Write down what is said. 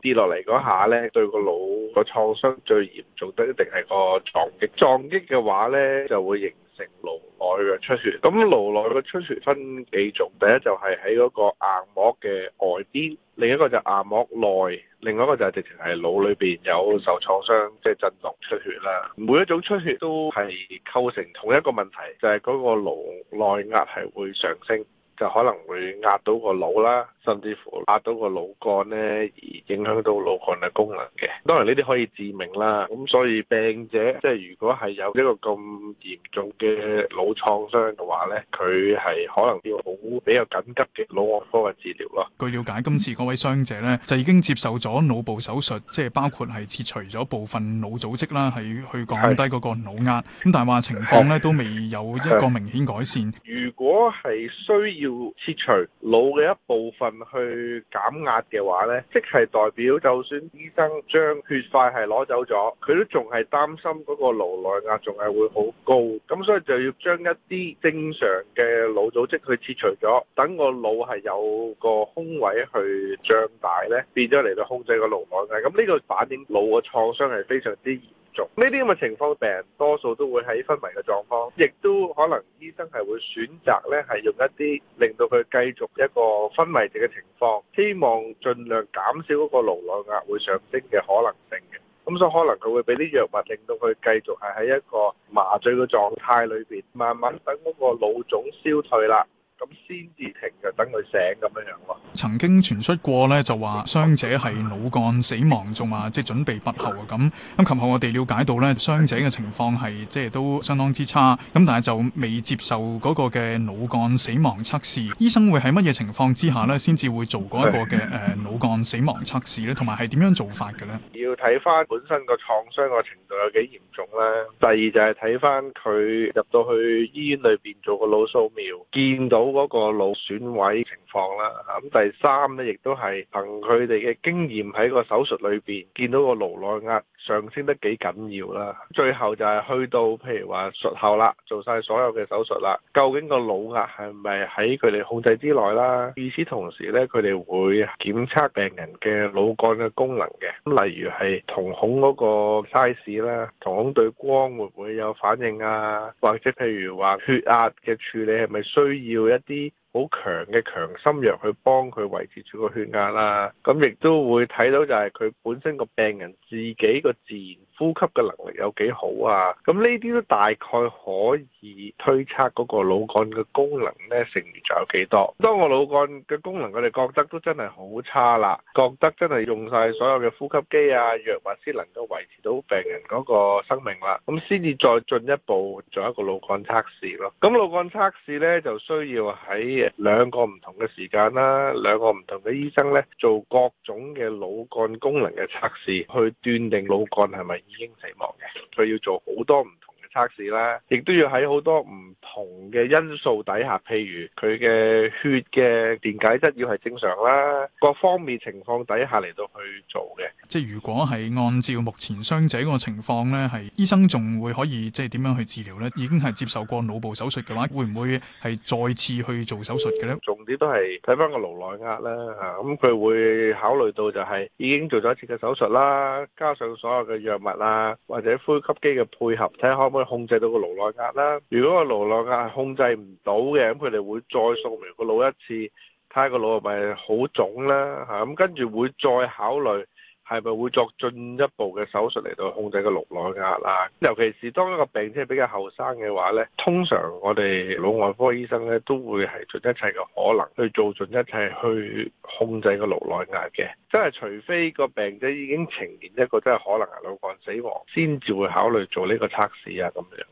跌落嚟嗰下咧，對個腦個創傷最嚴重得一定係個撞擊。撞擊嘅話咧，就會形成顱內嘅出血。咁顱內嘅出血分幾種，第一就係喺嗰個硬膜嘅外邊，另一個就硬膜內，另外一個就係直情喺腦裏邊有受創傷，即係震盪出血啦。每一種出血都係構成同一個問題，就係嗰個顱內壓係會上升。就可能會壓到個腦啦，甚至乎壓到個腦幹咧，而影響到腦幹嘅功能嘅。當然呢啲可以致命啦。咁所以病者即係如果係有呢個咁嚴重嘅腦創傷嘅話咧，佢係可能要好比較緊急嘅腦外科嘅治療咯。據了解，今次嗰位傷者咧就已經接受咗腦部手術，即係包括係切除咗部分腦組織啦，係去降低嗰個腦壓。咁是但係話情況咧都未有一個明顯改善。如果係需要，要切除腦嘅一部分去減壓嘅話呢，即係代表就算醫生將血塊係攞走咗，佢都仲係擔心嗰個顱內壓仲係會好高，咁所以就要將一啲正常嘅腦組織去切除咗，等個腦係有個空位去脹大呢，變咗嚟到控制個顱內壓。咁呢個反應腦嘅創傷係非常之嚴。呢啲咁嘅情況，病人多數都會喺昏迷嘅狀況，亦都可能醫生係會選擇咧，係用一啲令到佢繼續一個昏迷症嘅情況，希望盡量減少嗰個腦內壓會上升嘅可能性嘅。咁所以可能佢會俾啲藥物令到佢繼續係喺一個麻醉嘅狀態裏邊，慢慢等嗰個腦腫消退啦。咁先至停，就等佢醒咁樣樣曾經傳出過咧，就話傷者係腦幹死亡，仲話即係準備拔喉啊咁。咁琴日我哋了解到咧，傷者嘅情況係即係都相當之差。咁但係就未接受嗰個嘅腦幹死亡測試。醫生會喺乜嘢情況之下咧，先至會做嗰一個嘅誒腦幹死亡測試咧？同埋係點樣做法嘅咧？要睇翻本身個創傷個程度有幾嚴重啦。第二就係睇翻佢入到去醫院裏邊做個腦掃描，見到嗰個腦損毀情況啦。咁第三咧，亦都係憑佢哋嘅經驗喺個手術裏邊見到個顱內壓上升得幾緊要啦。最後就係去到譬如話術後啦，做晒所有嘅手術啦，究竟個腦壓係咪喺佢哋控制之內啦？與此同時咧，佢哋會檢測病人嘅腦幹嘅功能嘅，咁例如，係瞳孔嗰個 size 啦，瞳孔對光會唔會有反應啊？或者譬如話血壓嘅處理係咪需要一啲？好強嘅強心藥去幫佢維持住個血壓啦，咁亦都會睇到就係佢本身個病人自己個自然呼吸嘅能力有幾好啊，咁呢啲都大概可以推測嗰個腦幹嘅功能呢，剩餘仲有幾多。當我腦幹嘅功能我哋覺得都真係好差啦，覺得真係用晒所有嘅呼吸機啊藥物先能夠維持到病人嗰個生命啦，咁先至再進一步做一個腦幹測試咯。咁腦幹測試呢，就需要喺。兩個唔同嘅時間啦，兩個唔同嘅醫生咧，做各種嘅腦幹功能嘅測試，去斷定腦幹係咪已經死亡嘅。佢要做好多唔。測試啦，亦都要喺好多唔同嘅因素底下，譬如佢嘅血嘅電解質要係正常啦，各方面情況底下嚟到去做嘅。即係如果係按照目前傷者個情況咧，係醫生仲會可以即係點樣去治療咧？已經係接受過腦部手術嘅話，會唔會係再次去做手術嘅咧？重點都係睇翻個顱內壓啦。啊，咁，嗯，佢會考慮到就係已經做咗一次嘅手術啦，加上所有嘅藥物啊，或者呼吸機嘅配合，睇下可唔可以。控制到個顱內壓啦，如果個顱內壓係控制唔到嘅，咁佢哋會再掃描個腦一次，睇下個腦係咪好腫啦吓，咁、嗯、跟住會再考慮。係咪會作進一步嘅手術嚟到控制個顱內壓啊？尤其是當一個病者比較後生嘅話呢，通常我哋腦外科醫生咧都會係盡一切嘅可能去做盡一切去控制個顱內壓嘅，即係除非個病者已經呈現一個真係可能係腦幹死亡，先至會考慮做呢個測試啊咁樣。